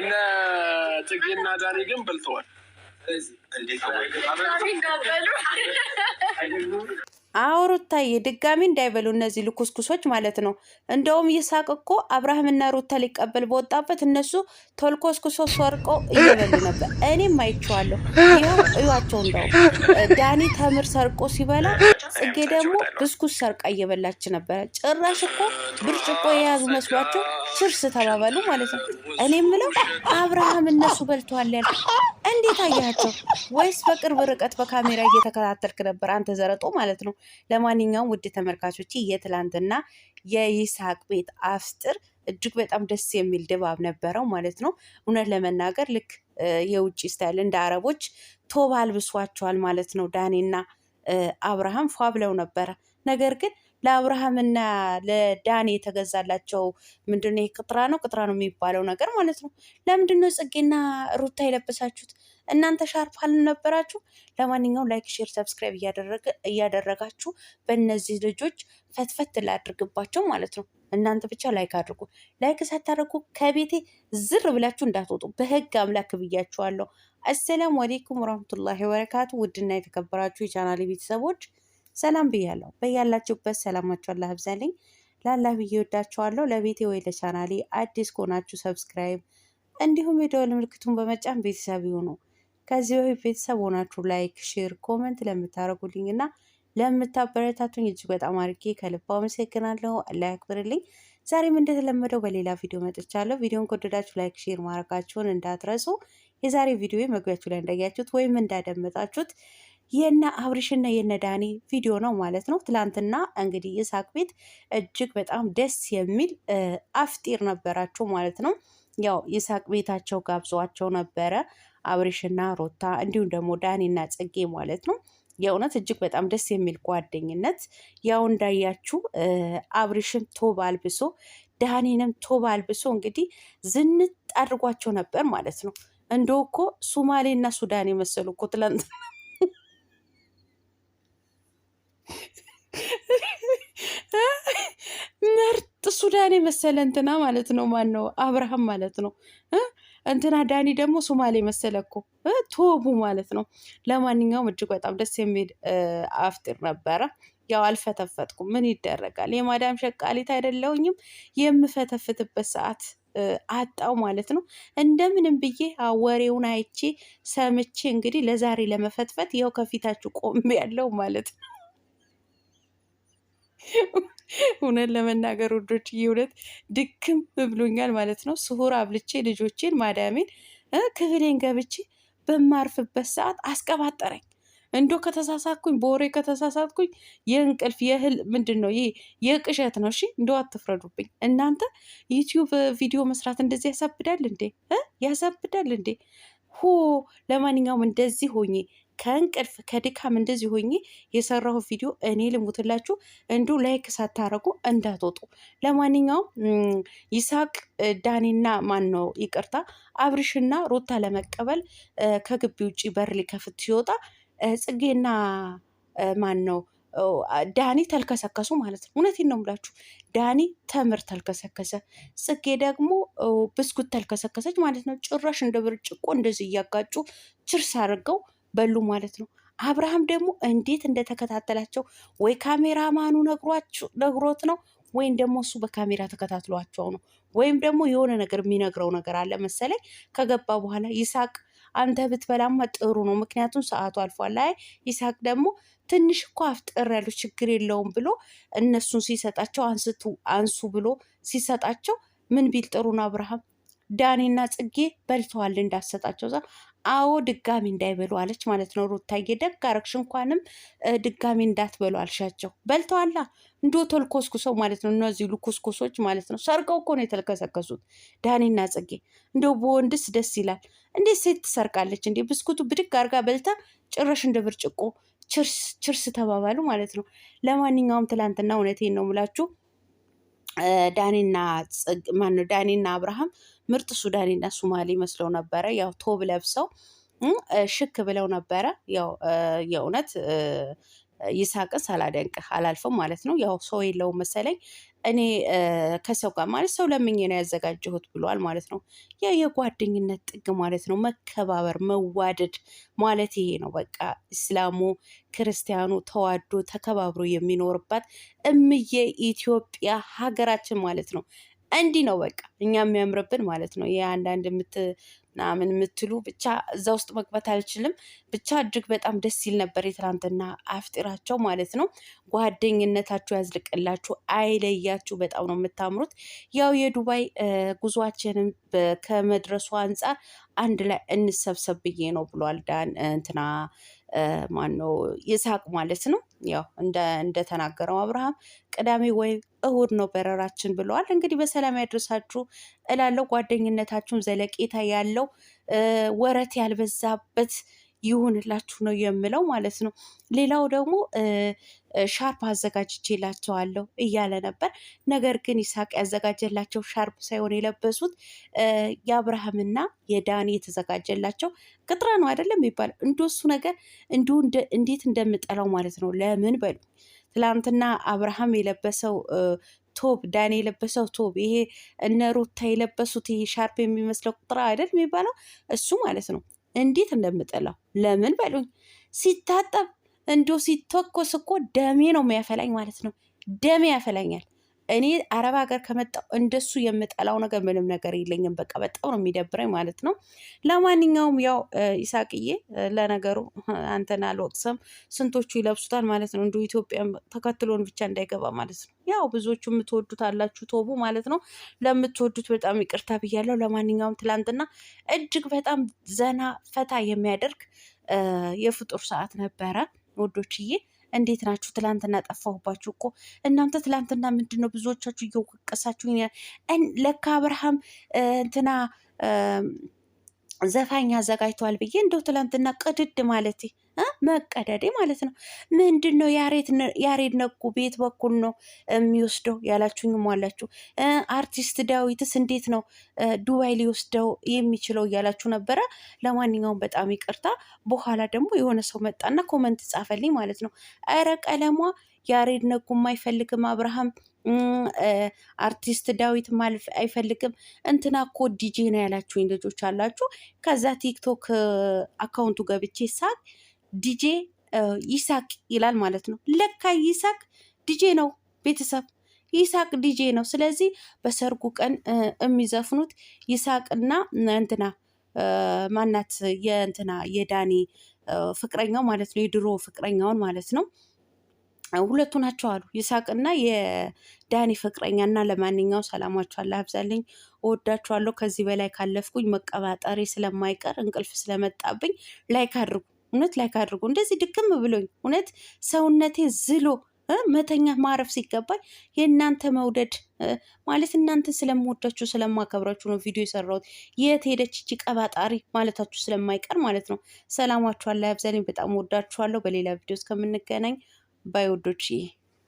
እነ ጽጌና ዳኒ ግን በልተዋል። አውሩታዬ ድጋሚ እንዳይበሉ እነዚህ ልኩስኩሶች ማለት ነው። እንደውም ይስሐቅ እኮ አብርሃምና ሩታ ሊቀበል በወጣበት እነሱ ቶልኮስኩሶ ሰርቆ እየበሉ ነበር። እኔም አይቼዋለሁ። ይኸው እዩዋቸው። እንደውም ዳኒ ተምር ሰርቆ ሲበላ፣ ጽጌ ደግሞ ብስኩስ ሰርቃ እየበላች ነበረ። ጭራሽ እኮ ብርጭቆ የያዙ መስሏቸው ችርስ ተባባሉ ማለት ነው። እኔ የምለው አብርሃም እነሱ በልተዋል ያል እንዴት አያቸው? ወይስ በቅርብ ርቀት በካሜራ እየተከታተልክ ነበር አንተ ዘረጦ ማለት ነው። ለማንኛውም ውድ ተመልካቾች የትላንትና የይስሐቅ ቤት አፍጥር እጅግ በጣም ደስ የሚል ድባብ ነበረው ማለት ነው። እውነት ለመናገር ልክ የውጭ ስታይል እንደ አረቦች ቶባ አልብሷቸዋል ማለት ነው። ዳኔና አብርሃም ፏ ብለው ነበረ ነገር ግን ለአብርሃምና ለዳን የተገዛላቸው ምንድነው? ይሄ ቅጥራ ነው ቅጥራ ነው የሚባለው ነገር ማለት ነው። ለምንድነው ጽጌና ሩታ የለበሳችሁት? እናንተ ሻርፕ አልነበራችሁ። ለማንኛውም ላይክ፣ ሼር፣ ሰብስክራይብ እያደረጋችሁ በእነዚህ ልጆች ፈትፈት ላድርግባቸው ማለት ነው። እናንተ ብቻ ላይክ አድርጉ። ላይክ ሳታደርጉ ከቤቴ ዝር ብላችሁ እንዳትወጡ በህግ አምላክ ብያችኋለሁ። አሰላሙ አሌይኩም ወራህመቱላሂ ወበረካቱ። ውድና የተከበራችሁ የቻናል ቤተሰቦች ሰላም ብያለሁ። በያላችሁበት ሰላማችሁ አላህ ይብዛልኝ። ላላህ ብዬ ወዳችኋለሁ። ለቤቴ ወይ ለቻናሌ አዲስ ከሆናችሁ ሰብስክራይብ፣ እንዲሁም የደወል ምልክቱን በመጫን ቤተሰብ ይሁኑ። ከዚህ በፊት ቤተሰብ ሆናችሁ ላይክ፣ ሼር፣ ኮመንት ለምታደርጉልኝ እና ለምታበረታቱኝ እጅግ በጣም አድርጌ ከልብ አመሰግናለሁ። አላህ ያክብርልኝ። ዛሬም እንደተለመደው በሌላ ቪዲዮ መጥቻለሁ። ቪዲዮን ከወደዳችሁ ላይክ፣ ሼር ማድረጋችሁን እንዳትረሱ። የዛሬ ቪዲዮ መግቢያችሁ ላይ እንዳያችሁት ወይም እንዳደመጣችሁት የነ አብርሽና የነ ዳኒ ቪዲዮ ነው ማለት ነው። ትላንትና እንግዲህ ይሳቅ ቤት እጅግ በጣም ደስ የሚል አፍጢር ነበራቸው ማለት ነው። ያው ይሳቅ ቤታቸው ጋብዟቸው ነበረ አብርሽና ሮታ እንዲሁም ደግሞ ዳኒና ጽጌ ማለት ነው። የእውነት እጅግ በጣም ደስ የሚል ጓደኝነት ያው እንዳያችሁ አብርሽን ቶብ አልብሶ ዳኒንም ቶብ አልብሶ እንግዲህ ዝንጥ አድርጓቸው ነበር ማለት ነው። እንደው እኮ እና ሱዳን የመሰሉ እኮ ትላንትና ዳኒ መሰለ እንትና ማለት ነው። ማን ነው? አብርሃም ማለት ነው። እንትና ዳኒ ደግሞ ሶማሌ መሰለ እኮ ቶቡ ማለት ነው። ለማንኛውም እጅግ በጣም ደስ የሚል አፍጢር ነበረ። ያው አልፈተፈጥኩ ምን ይደረጋል። የማዳም ሸቃሊት አይደለውኝም የምፈተፍትበት ሰዓት አጣው ማለት ነው። እንደምንም ብዬ ወሬውን አይቼ ሰምቼ እንግዲህ ለዛሬ ለመፈትፈት ያው ከፊታችሁ ቆም ያለው ማለት ነው። እውነት ለመናገር ውዶች እውነት ድክም ብሎኛል ማለት ነው። ስሁር አብልቼ ልጆቼን ማዳሜን ክፍሌን ገብቼ በማርፍበት ሰዓት አስቀባጠረኝ። እንዶ ከተሳሳትኩኝ በወሬ ከተሳሳትኩኝ የእንቅልፍ የህል ምንድን ነው ይሄ የቅዠት ነው። እሺ እንደ አትፍረዱብኝ እናንተ። ዩቲዩብ ቪዲዮ መስራት እንደዚህ ያሳብዳል እንዴ? ያሳብዳል እንዴ? ሆ ለማንኛውም እንደዚህ ሆኜ ከእንቅልፍ ከድካም እንደዚህ ሆኜ የሰራሁ ቪዲዮ እኔ ልሙትላችሁ እንዱ ላይክ ሳታረጉ እንዳትወጡ። ለማንኛውም ይሳቅ ዳኒና ማን ነው ይቅርታ፣ አብርሽና ሩታ ለመቀበል ከግቢ ውጭ በር ሊከፍት ሲወጣ ጽጌና ማን ነው ዳኒ ተልከሰከሱ ማለት ነው። እውነቴን ነው የምላችሁ። ዳኒ ተምር ተልከሰከሰ፣ ጽጌ ደግሞ ብስኩት ተልከሰከሰች ማለት ነው። ጭራሽ እንደ ብርጭቆ እንደዚህ እያጋጩ ችርስ አድርገው በሉ ማለት ነው። አብርሃም ደግሞ እንዴት እንደተከታተላቸው ወይ ካሜራማኑ ነግሮት ነው ወይም ደግሞ እሱ በካሜራ ተከታትሏቸው ነው። ወይም ደግሞ የሆነ ነገር የሚነግረው ነገር አለ መሰለኝ። ከገባ በኋላ ይሳቅ አንተ ብትበላማ ጥሩ ነው፣ ምክንያቱም ሰዓቱ አልፏል። አይ ይሳቅ ደግሞ ትንሽ እኮ አፍጠር ያሉ ችግር የለውም ብሎ እነሱን ሲሰጣቸው አንስቱ አንሱ ብሎ ሲሰጣቸው ምን ቢል ጥሩ ነው አብርሃም ዳኔና ጽጌ በልተዋል እንዳሰጣቸው ዛ አዎ ድጋሚ እንዳይበሉ አለች ማለት ነው። ሩታዬ ደግ አረግሽ፣ እንኳንም ድጋሚ እንዳትበሉ አልሻቸው። በልተዋላ እንዶ ተልኮስኩሰው ማለት ነው። እነዚህ ልኮስኮሶች ማለት ነው። ሰርቀው እኮ ነው የተልከሰከሱት ዳኔና ጽጌ። እንደው በወንድስ ደስ ይላል እንዴት ሴት ትሰርቃለች እንዴ! ብስኩቱ ብድግ አርጋ በልታ ጭረሽ እንደ ብርጭቆ ችርስ ችርስ ተባባሉ ማለት ነው። ለማንኛውም ትላንትና እውነቴን ነው ምላችሁ ዳኒና ማነው ዳኒና አብርሃም ምርጥ ሱዳኒና ሱማሌ መስለው ነበረ። ያው ቶብ ለብሰው ሽክ ብለው ነበረ። ያው የእውነት ይሳቅን ሳላደንቅ አላልፍም ማለት ነው። ያው ሰው የለውም መሰለኝ እኔ ከሰው ጋር ማለት ሰው ለምኜ ነው ያዘጋጀሁት ብሏል ማለት ነው። ያ የጓደኝነት ጥግ ማለት ነው። መከባበር፣ መዋደድ ማለት ይሄ ነው። በቃ እስላሙ ክርስቲያኑ ተዋዶ ተከባብሮ የሚኖርባት እምዬ ኢትዮጵያ ሀገራችን ማለት ነው። እንዲህ ነው በቃ እኛ የሚያምርብን ማለት ነው። ይህ አንዳንድ የምት ምናምን የምትሉ ብቻ እዛ ውስጥ መግባት አልችልም። ብቻ እጅግ በጣም ደስ ይል ነበር የትናንትና አፍጢራቸው ማለት ነው። ጓደኝነታችሁ ያዝልቅላችሁ፣ አይለያችሁ። በጣም ነው የምታምሩት። ያው የዱባይ ጉዟችንም ከመድረሱ አንጻር አንድ ላይ እንሰብሰብ ብዬ ነው ብሏል ዳን እንትና ማነው ይስሐቅ ማለት ነው። ያው እንደተናገረው አብርሃም ቅዳሜ ወይም እሁድ ነው በረራችን ብለዋል። እንግዲህ በሰላም ያድረሳችሁ እላለሁ። ጓደኝነታችሁም ዘለቄታ ያለው ወረት ያልበዛበት ይሁንላችሁ ነው የምለው ማለት ነው። ሌላው ደግሞ ሻርፕ አዘጋጅቼላቸዋለሁ እያለ ነበር። ነገር ግን ይስሐቅ ያዘጋጀላቸው ሻርፕ ሳይሆን የለበሱት የአብርሃምና የዳኒ የተዘጋጀላቸው ቅጥራ ነው አይደለም የሚባለው እንደሱ ነገር እንዲሁ እንዴት እንደምጠላው ማለት ነው። ለምን በሉ ትላንትና አብርሃም የለበሰው ቶብ ዳኔ የለበሰው ቶብ ይሄ እነ ሩታ የለበሱት ይሄ ሻርፕ የሚመስለው ቁጥር አይደል የሚባለው እሱ ማለት ነው። እንዴት እንደምጠላው ለምን በሉኝ። ሲታጠብ እንዲ ሲተኮስ እኮ ደሜ ነው የሚያፈላኝ ማለት ነው። ደሜ ያፈላኛል። እኔ አረብ ሀገር ከመጣው እንደሱ የምጠላው ነገር ምንም ነገር የለኝም። በቃ በጣም ነው የሚደብረኝ ማለት ነው። ለማንኛውም ያው ይሳቅዬ፣ ለነገሩ አንተን አልወቅስም፣ ስንቶቹ ይለብሱታል ማለት ነው። እንዲሁ ኢትዮጵያ ተከትሎን ብቻ እንዳይገባ ማለት ነው። ያው ብዙዎቹ የምትወዱት አላችሁ ቶቡ ማለት ነው። ለምትወዱት በጣም ይቅርታ ብያለሁ። ለማንኛውም ትላንትና እጅግ በጣም ዘና ፈታ የሚያደርግ የፍጡር ሰዓት ነበረ ወዶችዬ እንዴት ናችሁ? ትላንትና ጠፋሁባችሁ እኮ እናንተ። ትላንትና ምንድን ነው ብዙዎቻችሁ እየወቀሳችሁ ለካ አብርሃም እንትና ዘፋኝ አዘጋጅተዋል ብዬ እንደው ትላንትና ቅድድ ማለቴ መቀደዴ ማለት ነው። ምንድን ነው ያሬድ ነጉ ቤት በኩል ነው የሚወስደው ያላችሁኝ አላችሁ። አርቲስት ዳዊትስ እንዴት ነው ዱባይ ሊወስደው የሚችለው እያላችሁ ነበረ። ለማንኛውም በጣም ይቅርታ። በኋላ ደግሞ የሆነ ሰው መጣና ኮመንት ጻፈልኝ ማለት ነው። ኧረ ቀለሟ ያሬድ ነጉም አይፈልግም አብርሃም አርቲስት ዳዊት ማልፍ አይፈልግም። እንትና እኮ ዲጄ ነው ያላችሁኝ ልጆች አላችሁ። ከዛ ቲክቶክ አካውንቱ ገብቼ ሳቅ ዲጄ ይሳቅ ይላል ማለት ነው። ለካ ይሳቅ ዲጄ ነው። ቤተሰብ ይሳቅ ዲጄ ነው። ስለዚህ በሰርጉ ቀን የሚዘፍኑት ይሳቅና እንትና ማናት የእንትና የዳኒ ፍቅረኛው ማለት ነው፣ የድሮ ፍቅረኛውን ማለት ነው። ሁለቱ ናቸው አሉ ይሳቅና የዳኒ ፍቅረኛ እና ለማንኛው ሰላማችሁ አላ አብዛልኝ እወዳችኋለሁ። ከዚህ በላይ ካለፍኩኝ መቀባጠሬ ስለማይቀር እንቅልፍ ስለመጣብኝ ላይክ አድርጉ። እውነት ላይ ካድርጉ እንደዚህ ድክም ብሎኝ እውነት ሰውነቴ ዝሎ መተኛ ማረፍ ሲገባኝ የእናንተ መውደድ ማለት እናንተ ስለምወዳችሁ ስለማከብራችሁ ነው ቪዲዮ የሰራሁት። የት ሄደች እቺ ቀባጣሪ ማለታችሁ ስለማይቀር ማለት ነው። ሰላማችኋን ላይ አብዛኝ። በጣም ወዳችኋለሁ። በሌላ ቪዲዮ እስከምንገናኝ ባይወዶች ወዶች